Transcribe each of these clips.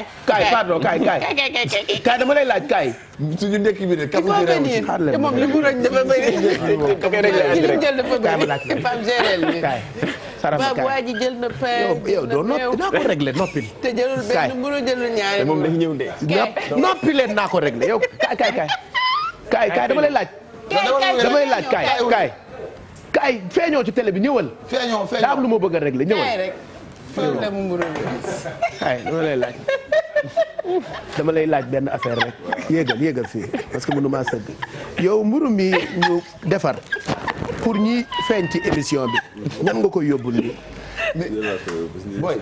kaay pardon kaay kaay kaay dama lay laaj kaay. suñu ndekk bi de kàpp géré wu si xaaral moom li mu rëñ dafa bëri. kàpp géré wu si rek kaay ma laaj rek kaay. jël na pain. yow yow doo noppi naa ko réglé noppil. te jëlul benn mënoo jëlul ñaari moom dafa ñëw naa ko réglé yow kaay kaay kaay. kaay kaay lay laaj. dama lay laaj bi ñëwal. feeñoo feeñoo daa am lu ma bëgg a réglé problème mu dama lay laaj benn affaire rek yéegal yéegal fii parce que mënuma sëgg yow mburu mi ñu defar pour ñi feeñ ci émission bi ñan nga ko yóbbu nii. booy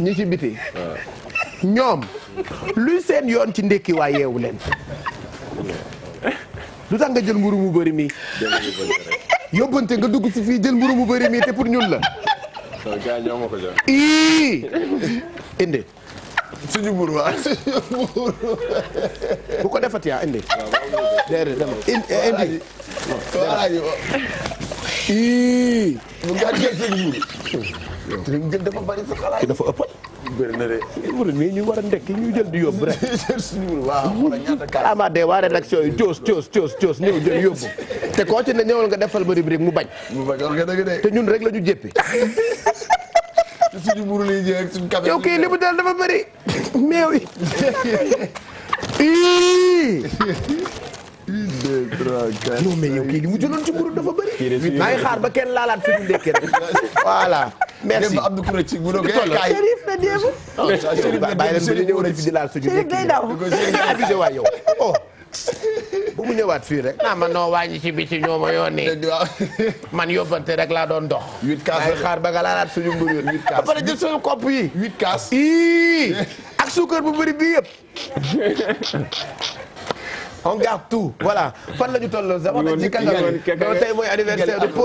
ñi ci biti. ñoom luy seen yoon ci ndékki waa yeewu leen. lu tax nga jël mburu mu bëri mi yóbbante nga dugg fi fii jël mburu mu bëri mi te pour ñun la. gars ñoo ma ko jox. indi. suñu buur waa suñu buur. bu ko defati yaa ah, indi. déedéet dama eh, indi. bu gàtt gerte gi. dafa bari sa xalaat dafa ëpp. bëri na de. numéro bi ñu war a ndekki ñu jël di yóbbu rek. waaw xoolal ama de waa rédaction yi coos te koo ci nga defal ba rubrique mu bañ. mu bañ wax nga dëgg te ñun rek la ñu jéppi. te suñu mbuur lay jël mu dal dafa bëri meew yi. une mu jëloon ci mbuur dafa bëri. maa ngi xaar ba kenn laalaat fi mu ndekki rek voilà. merci démb Abdou Kouré ci mu ne ko kaay Chérif na démb. bàyyi leen bi ñu ñëwoon fi di laal suñu. Chérif day daw abusé waay yow oh. bu mu ñëwaat fii rek. ah man noo wàññi ci biti ñoo ma yónnee. man yóbbante rek laa doon dox. huit kaas la xaar ba nga laalaat suñu mbir yoon huit kaas. ba pare jël suñu kopp yi. huit kaas ii ak suukar bu bëri bii yëpp. on garde tout voilà fan la ñu toll. ñu woon ñu woon tey mooy anniversaire de